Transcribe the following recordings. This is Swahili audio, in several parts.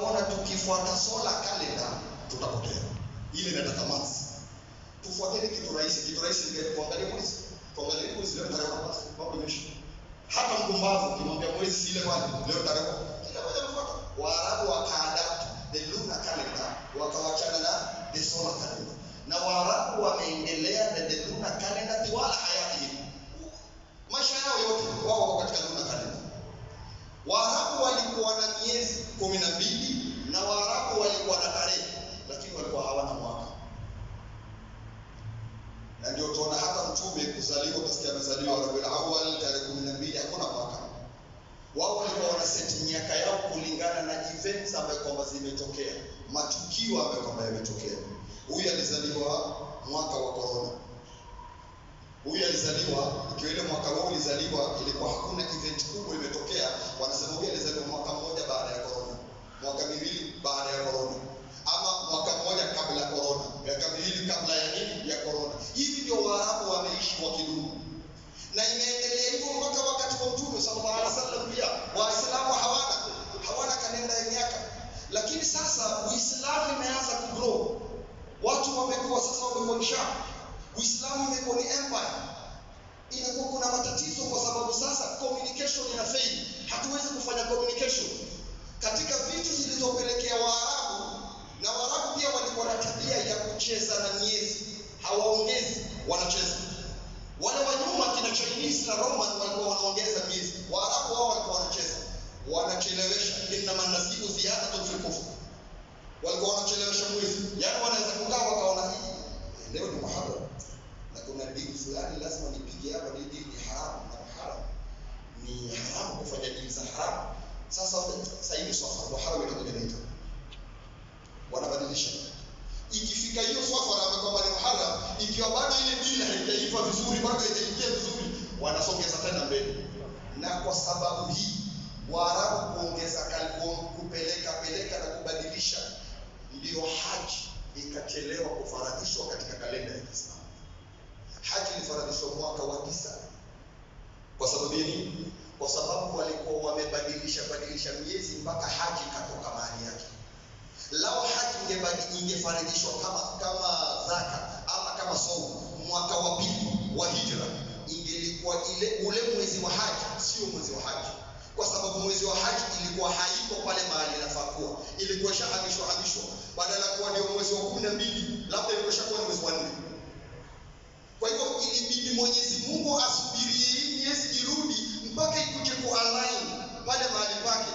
tunaona tukifuata sola kalenda tutapotea. Ile ndio tatamasi. Tufuateni kitu rahisi, kitu rahisi ni kuangalia mwezi. Tuangalie mwezi leo tarehe ngapi? Mambo yameisha. Hata mgombavu kimwambia mwezi ile wapi? Leo tarehe ngapi? Kila mmoja anafuata. Waarabu wakaadapt the lunar calendar wakawachana na the solar calendar. Na Waarabu wameendelea na the lunar calendar tiwala hayati. Maisha yao yote wao wako katika lunar Waarabu walikuwa na miezi kumi na mbili na Waarabu walikuwa na tarehe, lakini walikuwa hawana mwaka, na ndio tuona hata mtume kuzaliwa, basi amezaliwa Rabiul Awwal tarehe kumi na mbili, hakuna mwaka. Wao walikuwa seti miaka yao kulingana na events ambayo kwamba zimetokea, matukio ambayo kwamba yametokea. Huyu alizaliwa mwaka wa corona Huyu alizaliwa ikiwa mwaka huu ulizaliwa, ilikuwa hakuna event kubwa imetokea. Wanasema huyu alizaliwa mwaka mmoja baada ya korona mwaka miwili baada ya korona ama mwaka mmoja kabla ya korona miaka miwili kabla ya nini, ya korona Hivi ndio Waarabu wameishi kidumu na imeendelea hivyo mpaka wakati wa Mtume sallallahu alaihi wasallam. Pia Waislamu hawana hawana kalenda ya miaka, lakini sasa Uislamu imeanza kugrow, watu wamekuwa sasa wamekuwa Uislamu imekuwa ni empire, inakuwa kuna matatizo kwa sababu sasa communication ina fail, hatuwezi kufanya communication katika vitu zilizopelekea Waarabu na Waarabu pia walikuwa na tabia ya kucheza na miezi, hawaongezi, wanacheza. Wale wa nyuma kina Chinese na Roman walikuwa wanaongeza miezi, Waarabu wao walikuwa wanacheza, wanachelewesha. Innama nasibu ziyadatun fil kufr, walikuwa wanachelewesha mwezi, yaani wanaweza kukaa wakaona hii leo ni Muharram na kuna dini fulani lazima nipige hapa, ni dini haramu na Muharram ni haramu kufanya dini za haramu. Sasa sasa hivi swafa ndo haramu inakuja naita, wanabadilisha ikifika hiyo swafa na kwamba ni Muharram, ikiwa bado ile dini haijaiva vizuri, bado haijaingia vizuri, wanasongeza tena mbele, na kwa sababu hii Waarabu kuongeza kalikuwa kupeleka peleka na kubadilisha, ndio haji ikachelewa kufaradhishwa katika kalenda ya Kiislamu. Haji ilifaradhishwa mwaka wa tisa. Kwa sababu nini? Kwa sababu walikuwa wamebadilisha badilisha miezi mpaka haji ikatoka mahali yake. Lao haji ingefaradhishwa kama kama zaka ama kama saumu mwaka wa pili wa hijra, ingelikuwa ile ule mwezi wa haji, sio mwezi wa haji kwa sababu mwezi wa haji ilikuwa haiko pale mahali inafaa kuwa, ilikuwa shahamishwa hamishwa, badala kuwa ndio mwezi wa kumi na mbili labda ilikuwa ni mwezi wa nne. Kwa hivyo ilibidi Mwenyezi Mungu asubirie hii miezi irudi mpaka ikuje ku pale mahali pake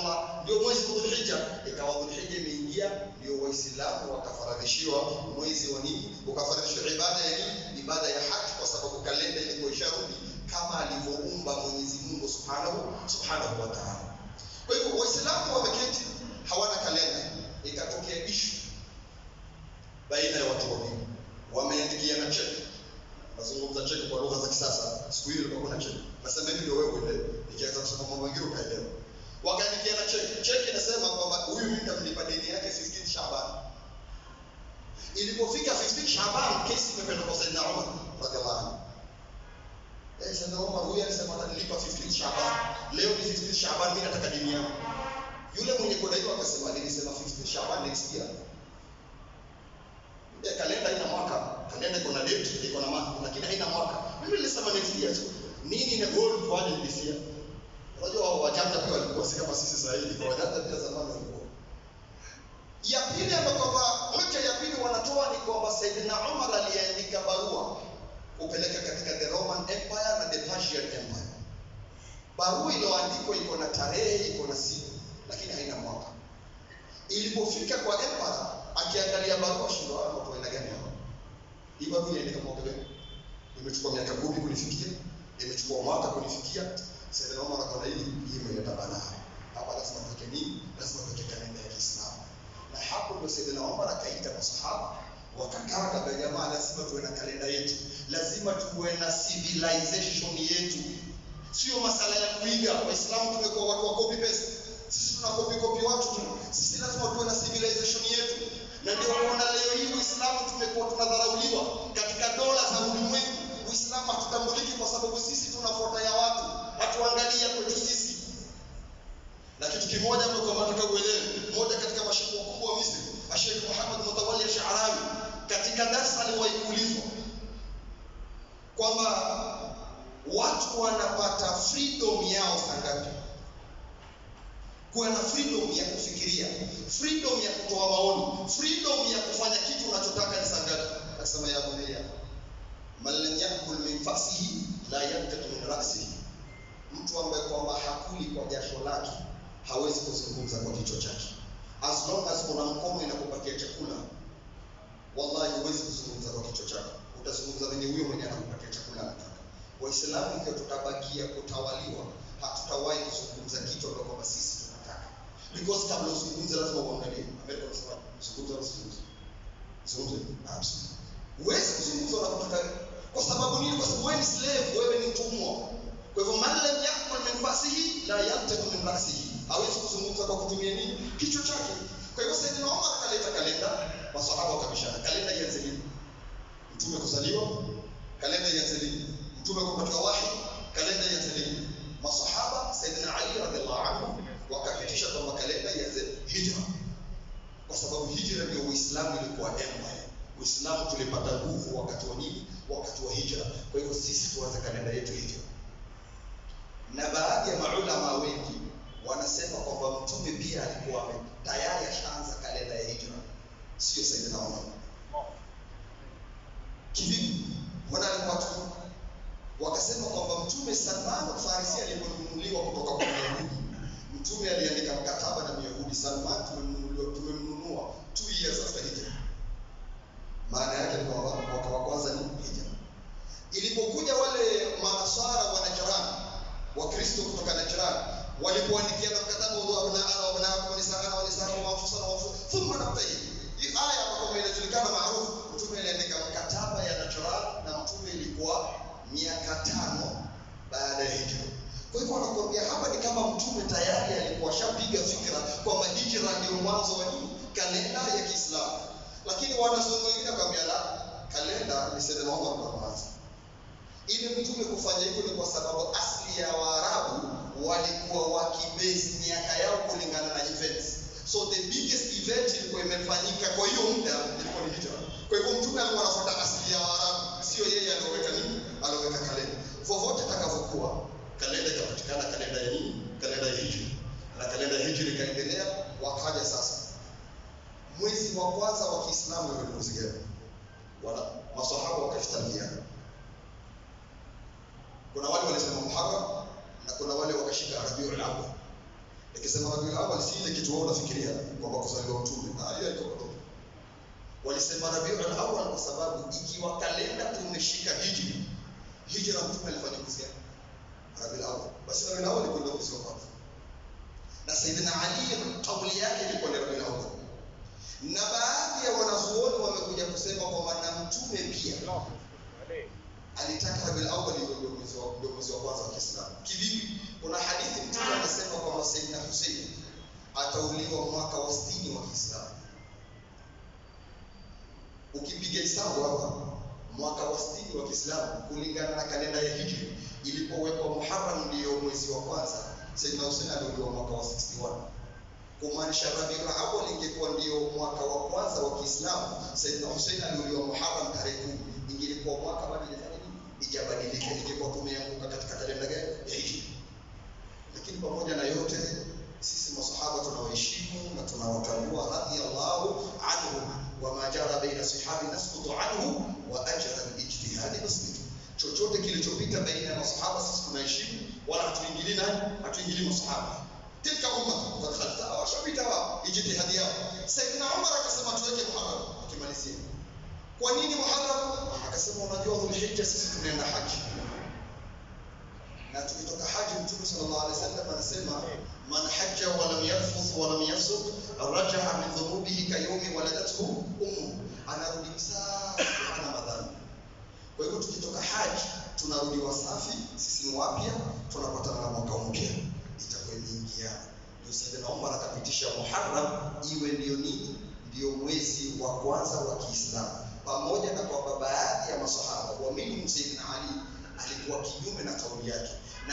kwamba ndio mwezi Dhulhijja, ikawa Dhulhijja imeingia, ndio Waislamu wakafaradhishiwa mwezi wa nini, ukafaradhishwa ibada ya nini, ibada ya haki, kwa sababu kalenda ilikuwa isharudi kama alivyoumba Mwenyezi Mungu Subhanahu Subhanahu wa Ta'ala. Kwa hivyo Waislamu wameketi hawana kalenda, ikatokea ishu baina ya watu wawili, na cheki nazungumza cheki kwa lugha za kisasa. Siku hiyo ilikuwa kuna cheki, nasema hivi ndio wewe uelewe, nikianza kusema mambo mengine ukaelewa wakanikiana cheki. Cheki inasema kwamba huyu mtu amelipa deni yake 15 Shaban. Ilipofika 15 Shaban, kesi imepelekwa kwa Saidina Umar radhiallahu anhu. Eh, Saidina Umar huyu alisema atalipa 15 Shaban. Leo ni 15 Shaban, mimi nataka deni yangu. Yule mwenye kodaiwa akasema nilisema 15 Shaban next year. Ya kalenda ina mwaka, kalenda iko na date, iko na mwaka, lakini haina mwaka. Mimi nilisema next year tu. Nini ni gold kwa ajili ya Unajua wajanja pia walikuwa si kama sisi sasa hivi. Wajanja pia zamani walikuwa. Ya pili ambayo kwamba hoja ya pili wanatoa ni kwamba Saidina Umar aliandika barua kupeleka katika the Roman Empire na the Persian Empire. Barua iliyoandikwa iko na tarehe, iko na siku, lakini haina mwaka. Ilipofika kwa empire, akiangalia barua shindo hapo kwa aina gani hapo. Hii barua inaandika mwaka gani? Imechukua miaka kumi kunifikia, imechukua mwaka kunifikia, sasa naomba kwa hii Hapa lazima nini? Lazima kalenda ya Kiislamu. Na hapo ndio akaita masahaba wakakaa kabla, jamaa, lazima tuwe na kalenda yetu, lazima tuwe na civilization yetu, sio masala ya kuiga. Waislamu tumekuwa watu wa copy paste, sisi tuna copy copy watu tu. Sisi lazima tuwe na civilization yetu, na ndio leo hii tumekuwa tunadharauliwa katika dola za ulimwengu. Uislamu hatutambuliki kwa sababu sisi tunafuata ya watu hatuangalia kwetu sisi. Na kitu kimoja ambacho kwa maana tuelewe, moja katika mashehe wakubwa wa Misri, Sheikh Muhammad Mutawalli Sha'rawi, katika darasa aliwahi kuulizwa kwamba watu wanapata freedom yao saa ngapi? Kuwa na freedom ya kufikiria, freedom ya kutoa maoni, freedom ya kufanya kitu unachotaka ni saa ngapi? Akasema ya bunayya, man lam yakul min fasihi la yamtad min ra'sihi Mtu ambaye kwamba hakuli kwa jasho lake hawezi kuzungumza kwa kichwa chake. As long as kuna mkono inakupatia chakula, wallahi huwezi kuzungumza kwa kichwa chako, utazungumza venye huyo mwenye anakupatia chakula anataka. Waislamu ikiwa tutabakia kutawaliwa, hatutawahi kuzungumza kichwa ambacho kwamba sisi tunataka, because kabla uzungumze lazima uangalie Amerika unasema zungumza au usizungumze. Zungumze absolutely, huwezi kuzungumza na kutaka Kwa sababu nini? Kwa sababu wewe ni slave, wewe ni mtumwa. Kwa hivyo man lam yakul min fasihi la yantiqu min rasihi, hawezi kuzungumza kwa kutumia nini? Kichwa chake. Kwa hivyo Saidina Umar akaleta kalenda, masahaba wakabishana, kalenda ianze lini? Mtume kuzaliwa, kalenda ianze lini? Mtume kupata wahi, kalenda ianze lini? Masahaba Saidina Ali radhiallahu anhu wakapitisha kwamba kalenda ianze hijra, kwa sababu hijra ndio Uislamu ilikuwa empire Uislamu tulipata nguvu wakati wa nini? Wakati wa hijra. Kwa hivyo sisi tuanze kalenda yetu hijra na baadhi ya maulama wengi wanasema kwamba mtume pia alikuwa tayari ashaanza kalenda ya hijra, sio Saidina Umar. Kivipi? Mbona alikuwa tu? Wakasema kwamba mtume Salman Farisi aliponunuliwa kutoka kwa Myahudi, mtume aliandika mkataba na Myahudi, Salman tumenunuliwa, tumemnunua two years after hijra. Maana yake kwamba mwaka wa kwanza ni hijra. Ilipokuja wale manasara wana Wakristo kutoka Najran walipoandikia mkataba wa abnaa wa abnaakum nisaa wa nisaa wa anfusana wa thumma nabtahi. Hii aya ambayo inajulikana maarufu, mtume aliandika mkataba ya Najran na mtume ilikuwa miaka tano baada ya hijra. Kwa hivyo anakuambia hapa ni kama mtume tayari alikuwa shapiga fikra kwamba hijra ndio mwanzo wa nini, kalenda ya Kiislamu, lakini wanazuoni wengine wakaambia la kalenda ni Sayyidina Umar ndio mwanzo ili mtume kufanya hivyo ni kwa sababu asili ya Waarabu walikuwa wakibase miaka yao kulingana na events. So the biggest event ilikuwa imefanyika kwa hiyo muda ilikuwa ni hijra. Kwa hivyo mtume alikuwa anafuata asili ya Waarabu, sio yeye aliyoweka nini? aliyoweka kalenda. Vovote takavyokuwa kalenda ikapatikana kalenda ya nini? Kalenda ya hijri. Na kalenda ya hijri ikaendelea wakaja sasa. Mwezi wa kwanza wa Kiislamu ni mwezi gani? Wala masahaba wakashtakiana. Kuna wale walisema Muharram na kuna wale wakashika Rabiul Awwal. Nikisema Rabiul Awwal si ile kitu wao nafikiria kwamba kuzaliwa mtume na hiyo ndio ndoto. Walisema Rabiul Awwal kwa sababu ikiwa kalenda tumeshika hijri, hijra mtume alifanya kuzia Rabiul Awwal. Basi Rabiul Awwal ni kwenda wa kwanza. Na Saidina Ali kauli yake ilikuwa ni Rabiul Awwal. Na baadhi ya wanazuoni wamekuja kusema kwa maana mtume pia alitaka Rabiul Awwal iwe uongozi wa kwanza wa Kiislamu. Kivipi? Kuna hadithi mtume ah. anasema kwamba Sayyidina Hussein atauliwa mwaka wa 60 wa Kiislamu. Ukipiga hesabu hapa mwaka wa 60 wa Kiislamu kulingana na kalenda ya Hijri ilipowekwa Muharram ndiyo mwezi wa kwanza, Sayyidina Hussein aliuliwa mwaka wa 61 kumaanisha Rabiul Awwal ingekuwa ndio mwaka wa kwanza wa Kiislamu, Sayyidina Hussein aliuliwa Muharram tarehe 10, ingelikuwa mwaka wa ijabadilike ingekuwa kumeanguka katika kalenda gani ya hiji. Lakini pamoja na yote, sisi masahaba tunawaheshimu na tunawatambua radhiyallahu anhu wa ma jara baina sahabi nasqutu anhu wa ajra alijtihadi nasqutu, chochote kilichopita baina ya masahaba sisi tunaheshimu, wala hatuingili nani, hatuingili masahaba tilka umma qad khalta, washapita wao ijtihadi yao. Sayyidina Umar akasema tuweke muharram, akimalizia kwa nini Muharram? Ah, akasema unajua, Dhulhijja sisi tunaenda haji na tukitoka haji, Mtume sallallahu alaihi wasallam anasema man hajja wa lam yarfuth wa lam yasuk raja'a min dhunubihi ka yawmi waladathu ummu, anarudi safi, ana madhambi. Kwa hivyo tukitoka haji tunarudi wasafi, sisi ni wapya, tunapatana na mwaka mpya, itakuwa imeingia. Ndio Sayyidina Umar akapitisha Muharram iwe ndio nini, ndio mwezi wa kwanza wa Kiislamu pamoja na kwamba baadhi ya masahaba wa minhum Ali alikuwa kinyume na kauli yake